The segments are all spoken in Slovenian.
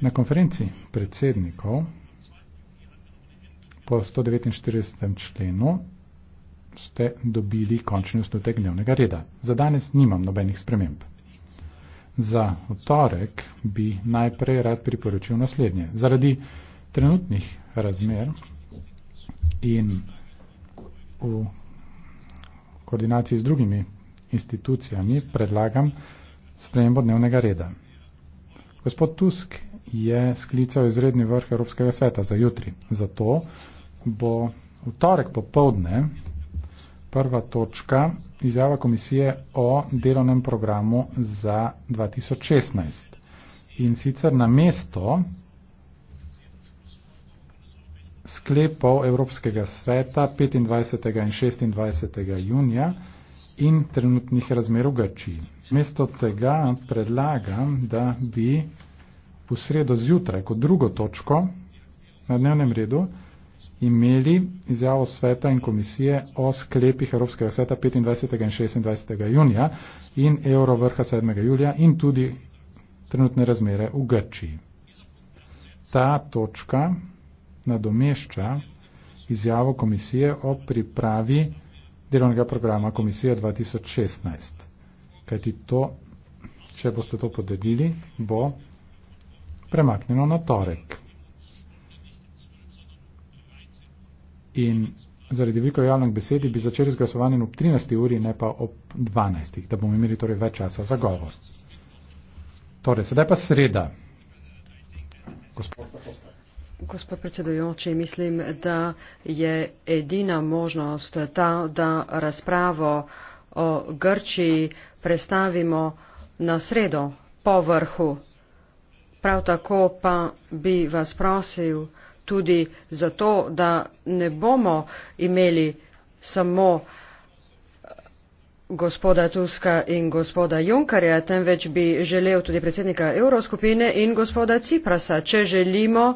Na konferenci predsednikov po 149. členu ste dobili končni ustotek dnevnega reda. Za danes nimam nobenih sprememb. Za otorek bi najprej rad priporočil naslednje. Zaradi trenutnih razmer in v koordinaciji z drugimi institucijami predlagam spremembo dnevnega reda. Gospod Tusk je sklical izredni vrh Evropskega sveta za jutri. Zato bo v torek popovdne prva točka izjava komisije o delovnem programu za 2016. In sicer na mesto sklepov Evropskega sveta 25. in 26. junija in trenutnih razmer v Grčiji. Mesto tega predlagam, da bi v sredo zjutraj kot drugo točko na dnevnem redu imeli izjavo sveta in komisije o sklepih Evropskega sveta 25. in 26. junija in evro vrha 7. julija in tudi trenutne razmere v Grčiji. Ta točka nadomešča izjavo komisije o pripravi delovnega programa komisije 2016. Kajti to, če boste to podedili, bo premaknjeno na torek. In zaradi veliko javnih besedi bi začeli z glasovanjem ob 13. uri, ne pa ob 12. da bomo imeli torej več časa za govor. Torej, sedaj pa sreda. Gospod, Gospod predsedujoči, mislim, da je edina možnost ta, da razpravo o Grčiji prestavimo na sredo po vrhu Prav tako pa bi vas prosil tudi zato, da ne bomo imeli samo eh, gospoda Tuska in gospoda Junkarja, temveč bi želel tudi predsednika Euroskupine in gospoda Ciprasa. Če želimo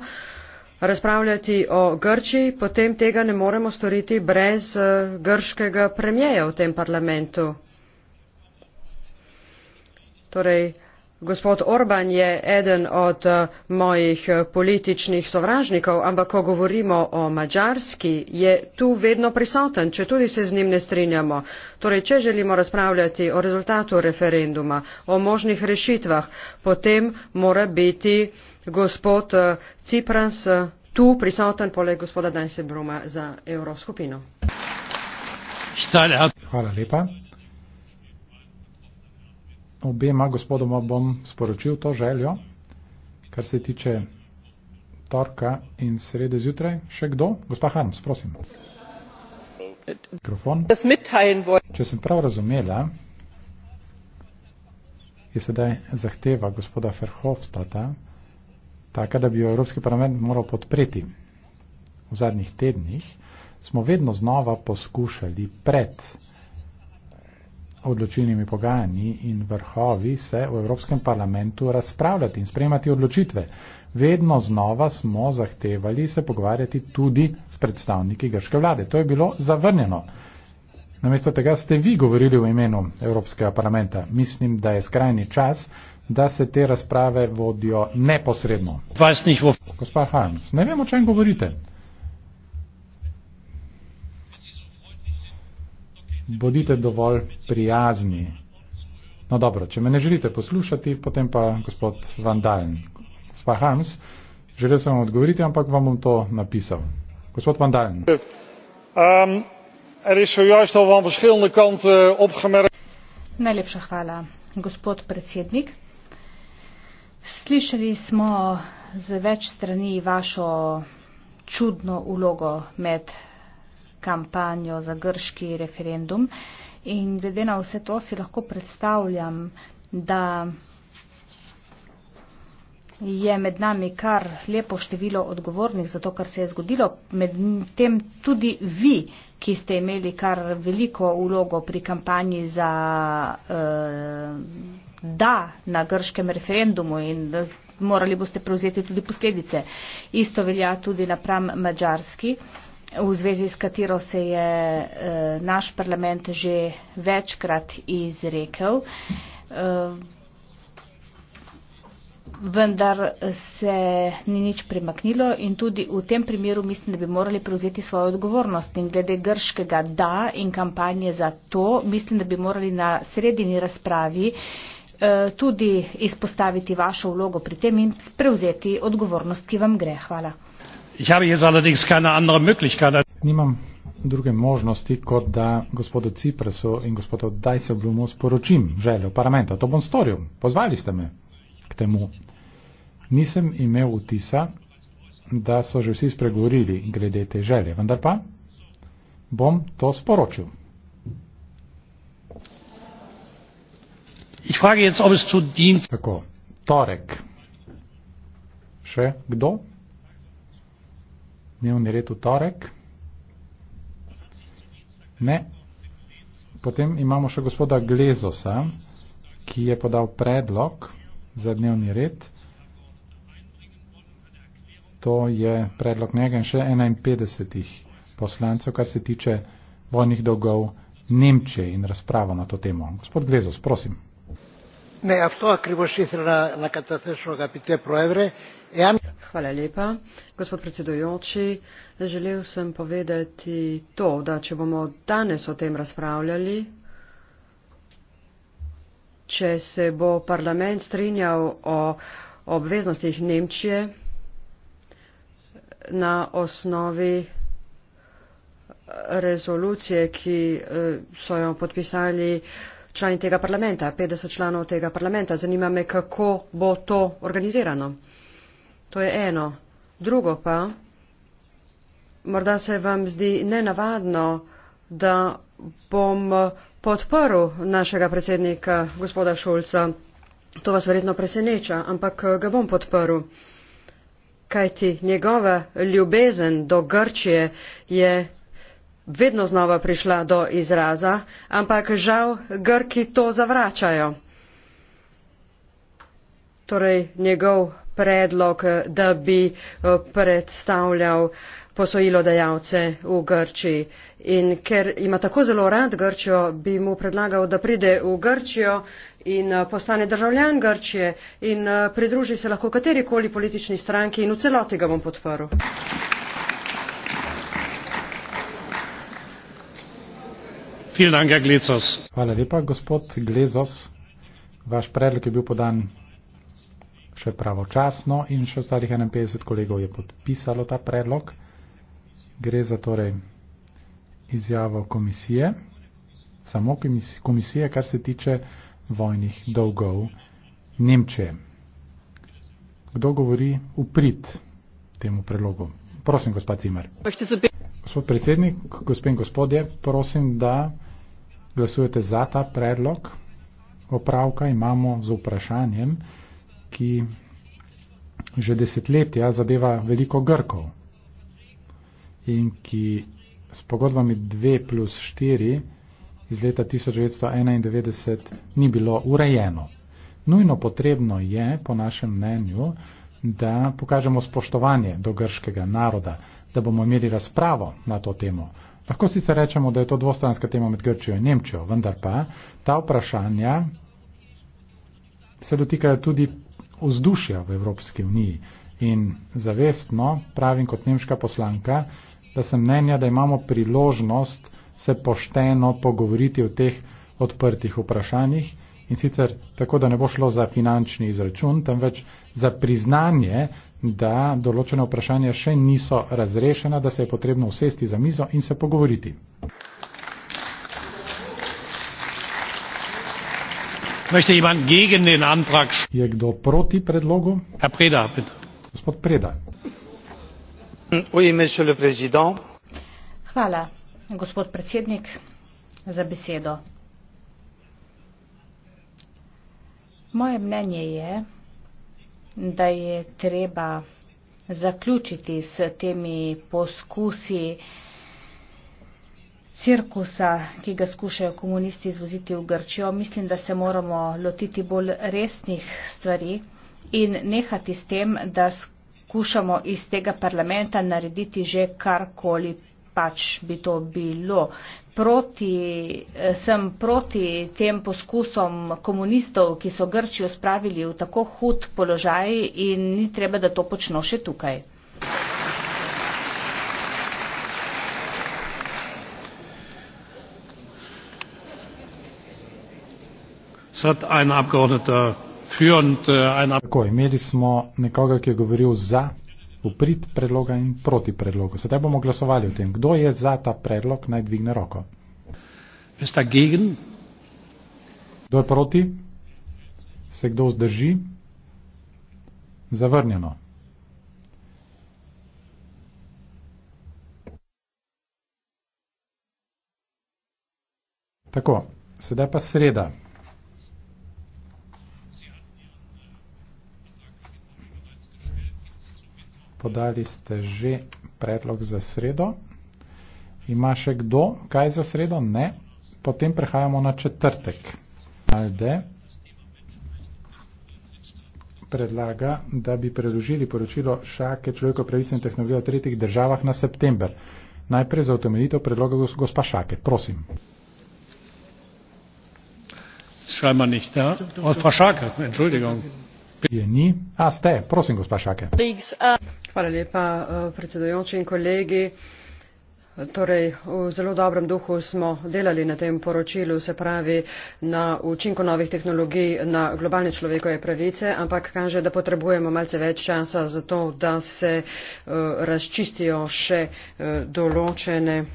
razpravljati o Grčiji, potem tega ne moremo storiti brez eh, grškega premijeja v tem parlamentu. Torej, gospod orban je eden od eh, mojih eh, političnih sovražnikov ampak ko govorimo o mačarski je tu vedno prisoten če tudi se z njim ne strinjamo torej če želimo razpravljati o rezultatu referenduma o možnih rešitvah potem mora biti eh, gospod cipras tu prisoten poleg gospoda dijsselbloema za evroskupino ja. Hvala lepa obema gospodoma bom sporočil to željo, kar se tiče torka in srede zjutraj. Še kdo? Gospa Harms, prosim. Mikrofon. Če sem prav razumela, je sedaj zahteva gospoda Ferhofstata taka, da bi jo Evropski parlament moral podpreti. V zadnjih tednih smo vedno znova poskušali pred odločilnimi pogajanji in vrhovi se v Evropskem parlamentu razpravljati in sprejemati odločitve. Vedno znova smo zahtevali se pogovarjati tudi s predstavniki grške vlade. To je bilo zavrnjeno. Namesto tega ste vi govorili v imenu Evropskega parlamenta. Mislim, da je skrajni čas, da se te razprave vodijo neposredno. Gospa Harms, ne vemo, o čem govorite. bodite dovolj prijazni. No dobro, če me ne želite poslušati, potem pa gospod Van Dalen. Gospa Hans, želel sem vam odgovoriti, ampak vam bom to napisal. Gospod Van Dalen. Um, Najlepša hvala, gospod predsednik. Slišali smo z več strani vašo čudno ulogo med kampanjo za grški referendum. In glede na vse to si lahko predstavljam, da je med nami kar lepo število odgovornih za to, kar se je zgodilo. Med tem tudi vi, ki ste imeli kar veliko ulogo pri kampanji za uh, da na grškem referendumu in eh, morali boste prevzeti tudi posledice. Isto velja tudi napram mađarski. Uh, v zvezi s katero se je eh, naš parlament že večkrat izrekel. Eh, vendar se ni nič premaknilo in tudi v tem primeru mislim, da bi morali prevzeti svojo odgovornost. In glede grškega da in kampanje za to, mislim, da bi morali na sredini razpravi eh, tudi izpostaviti vašo vlogo pri tem in prevzeti odgovornost, ki vam gre. Hvala. Ich habe jetzt allerdings keine andere Möglichkeit als Nimam druge možnosti, kot da gospodu Ciprasu in gospodu Dajseblumu sporočim željo parlamenta. To bom storil. Pozvali ste me k temu. Nisem imel vtisa, da so že vsi spregovorili glede te želje, vendar pa bom to sporočil. Ich frage jetzt, ob es zu Dienst... Tako, torek. Še kdo? dnevni red v torek? Ne. Potem imamo še gospoda Glezosa, ki je podal predlog za dnevni red. To je predlog njega in še 51 poslancev, kar se tiče vojnih dolgov Nemčije in razpravo na to temo. Gospod Glezos, prosim. Ne, a to je krivo šifra na, na katastrofu, kapite proevre. Jan... E, Hvala lepa. Gospod predsedujoči, želel sem povedati to, da če bomo danes o tem razpravljali, če se bo parlament strinjal o obveznostih Nemčije na osnovi eh, rezolucije, ki eh, so jo podpisali člani tega parlamenta, 50 članov tega parlamenta. Zanima me, kako bo to organizirano. To je eno. Drugo pa, morda se vam zdi nenavadno, da bom podprl našega predsednika, gospoda Šulca. To vas verjetno preseneča, ampak ga bom podprl. Kajti njegova ljubezen do Grčije je vedno znova prišla do izraza, ampak žal Grki to zavračajo. Torej njegov predlog, da bi eh, predstavljal posojilo dajalce v Grčiji. In ker ima tako zelo rad Grčijo, bi mu predlagal, da pride v Grčijo in eh, postane državljan Grčije in eh, pridruži se lahko katerikoli politični stranki in v celoti ga bom podporil. Hvala lepa, gospod Glezos. Vaš predlog je bil podan še pravočasno in še ostalih 51 kolegov je podpisalo ta predlog. Gre za torej izjavo komisije, samo komisije, kar se tiče vojnih dolgov Nemčije. Kdo govori v prid temu predlogu? Prosim, gospod Cimer. Gospod predsednik, gospe in gospodje, prosim, da glasujete za ta predlog. Opravka imamo z vprašanjem ki že desetletja zadeva veliko Grkov in ki s pogodbami 2 plus 4 iz leta 1991 ni bilo urejeno. Nujno potrebno je, po našem mnenju, da pokažemo spoštovanje do grškega naroda, da bomo imeli razpravo na to temo. Lahko sicer rečemo, da je to dvostranska tema med Grčijo in Nemčijo, vendar pa ta vprašanja se dotikajo tudi vzdušja v Evropski uniji in zavestno pravim kot nemška poslanka, da sem mnenja, da imamo priložnost se pošteno pogovoriti o teh odprtih vprašanjih in sicer tako, da ne bo šlo za finančni izračun, temveč za priznanje, da določene vprašanja še niso razrešena, da se je potrebno usesti za mizo in se pogovoriti. Möchte jemand gegen den Antrag sprechen? proti predlogu? Herr Preda, bitte. Gospod Preda. Oui, monsieur le président. Hvala, gospod predsednik, za besedo. Moje mnenje je, da je treba zaključiti s temi poskusi uh, cirkusa, ki ga skušajo komunisti izvoziti v Grčijo. Mislim, da se moramo lotiti bolj resnih stvari in nehati s tem, da skušamo iz tega parlamenta narediti že karkoli pač bi to bilo. Proti, eh, sem proti tem poskusom komunistov, ki so Grčijo spravili v tako hud položaj in ni treba, da to počno še tukaj. Äh, Tako, imeli smo nekoga, ki je govoril za uprit predloga in proti predlogu. Sedaj bomo glasovali o tem, kdo je za ta predlog, naj dvigne roko. Kdo je proti? Se kdo zdrži? Zavrnjeno. Tako, sedaj pa sreda. podali ste že predlog za sredo. Ima še kdo kaj za sredo? Ne. Potem prehajamo na četrtek. Alde predlaga, da bi preložili poročilo šake človeko pravice in tehnologije v tretjih državah na september. Najprej za utemeljitev predloga gospa Šake. Prosim. Schreiben wir nicht, ja? Frau Schake, Entschuldigung. Je ni, a ste, prosim, gospa Šake. Hvala lepa, eh, predsedojoči in kolegi. Torej, v zelo dobrem duhu smo delali na tem poročilu, se pravi na učinko novih tehnologij na globalne človekove pravice, ampak kaže, da potrebujemo malce več časa za to, da se uh, razčistijo še uh, določene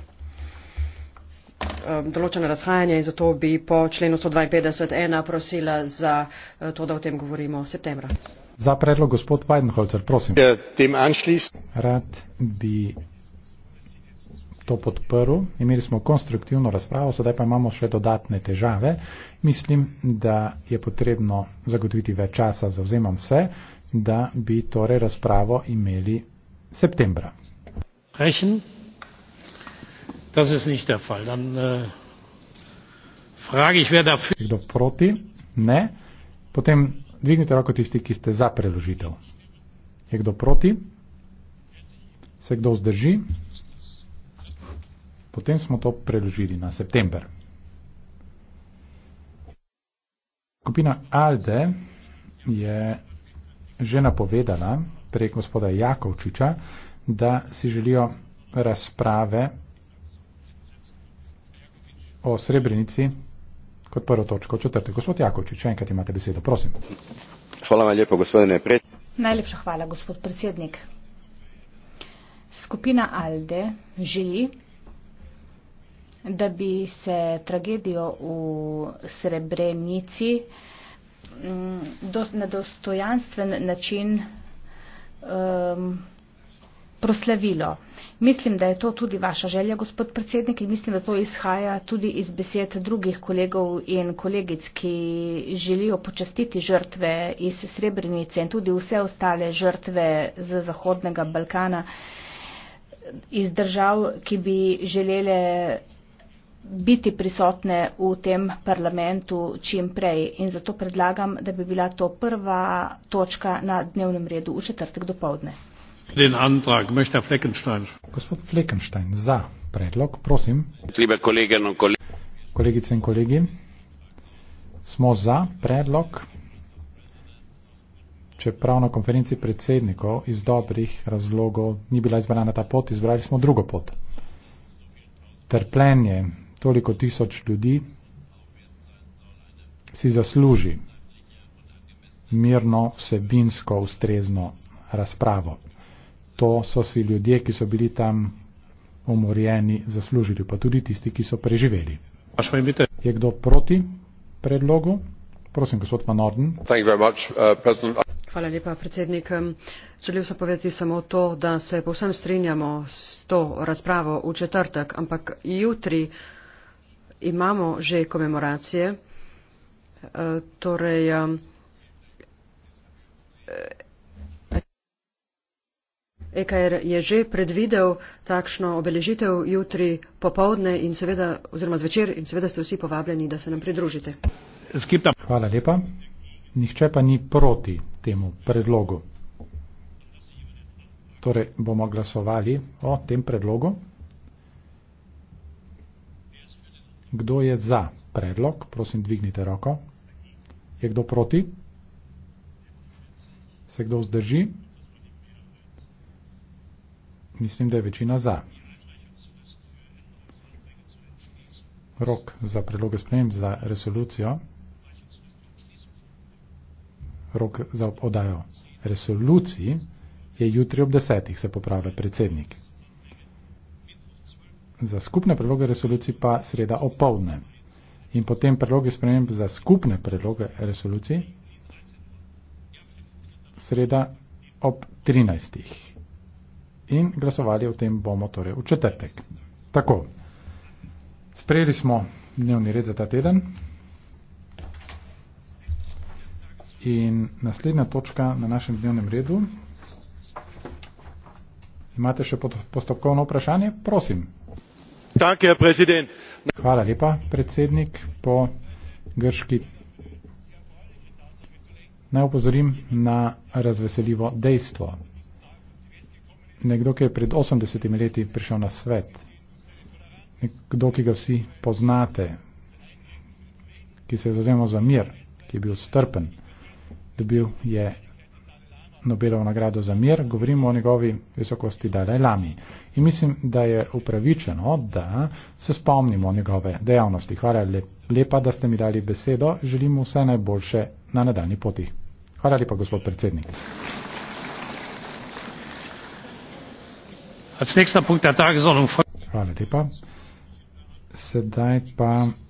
Um, določena razhajanja in zato bi po členu 152.1 prosila za uh, to, da o tem govorimo septembra. Za predlog gospod Weidenholzer, prosim. Ja, Rad bi to podprl. Imeli smo konstruktivno razpravo, sedaj pa imamo še dodatne težave. Mislim, da je potrebno zagotoviti več časa, zauzemam se, da bi torej razpravo imeli septembra. Rechen. Das ist nicht der Fall. Dann äh, frage ich, wer dafür. Kdo proti? Ne. Potem dvignite roko tisti, ki ste za preložitev. Je kdo proti? Se kdo zdrži? Potem smo to preložili na september. Skupina Alde je že napovedala prek gospoda Jakovčiča, da si želijo razprave o Srebrenici kot prvo točko četrte. Gospod Jakovčič, še enkrat imate besedo, prosim. Hvala vam lepo, gospodine predsednik. Najlepša hvala, gospod predsednik. Skupina Alde želi, da bi se tragedijo v Srebrenici mm, na dostojanstven način um, proslavilo. Mislim, da je to tudi vaša želja, gospod predsednik, in mislim, da to izhaja tudi iz besed drugih kolegov in kolegic, ki želijo počastiti žrtve iz Srebrenice in tudi vse ostale žrtve z Zahodnega Balkana iz držav, ki bi želele biti prisotne v tem parlamentu čim prej. In zato predlagam, da bi bila to prva točka na dnevnem redu v četrtek do povdne den Antrag. Möchte Herr Fleckenstein? Господин Флекенштайн, за предлог, просим. Liebe Kolleginnen und Kollegen. Kolegice in kolegi, smo za predlog, čeprav na konferenci predsednikov iz dobrih razlogov ni bila izbrana ta pot, izbrali smo drugo pot. Trpljenje toliko tisoč ljudi si zasluži mirno, sebinsko, ustrezno razpravo to so si ljudje, ki so bili tam umorjeni, zaslužili, pa tudi tisti, ki so preživeli. Je kdo proti predlogu? Prosim, gospod Van Orden. Uh, Hvala lepa, predsednik. Um, želel sem povedati samo to, da se povsem strinjamo s to razpravo v četrtek, ampak jutri imamo že komemoracije. Uh, torej, um, EKR je že predvidel takšno obeležitev jutri popovdne in seveda, oziroma zvečer in seveda ste vsi povabljeni, da se nam pridružite. Hvala lepa. Nihče pa ni proti temu predlogu. Torej bomo glasovali o tem predlogu. Kdo je za predlog? Prosim, dvignite roko. Je kdo proti? Se kdo vzdrži? mislim, da je večina za. Rok za predloge sprememb za resolucijo, rok za odajo resoluciji je jutri ob desetih, se popravlja predsednik. Za skupne predloge resolucij pa sreda opoldne. In potem predloge sprememb za skupne predloge resolucij sreda ob 13 in glasovali o tem bomo torej v četrtek. Tako, sprejeli smo dnevni red za ta teden. In naslednja točka na našem dnevnem redu. Imate še postopkovno vprašanje? Prosim. Tak je, predsednik. Hvala lepa, predsednik. Po grški naj opozorim na razveseljivo dejstvo nekdo, ki je pred 80 leti prišel na svet, nekdo, ki ga vsi poznate, ki se je zauzemal za mir, ki je bil strpen, dobil je Nobelovo nagrado za mir, govorimo o njegovi visokosti Dalaj Lami. In mislim, da je upravičeno, da se spomnimo njegove dejavnosti. Hvala lepa, da ste mi dali besedo. Želim vse najboljše na nadaljni poti. Hvala lepa, gospod predsednik. Hvala lepa. Sedaj pa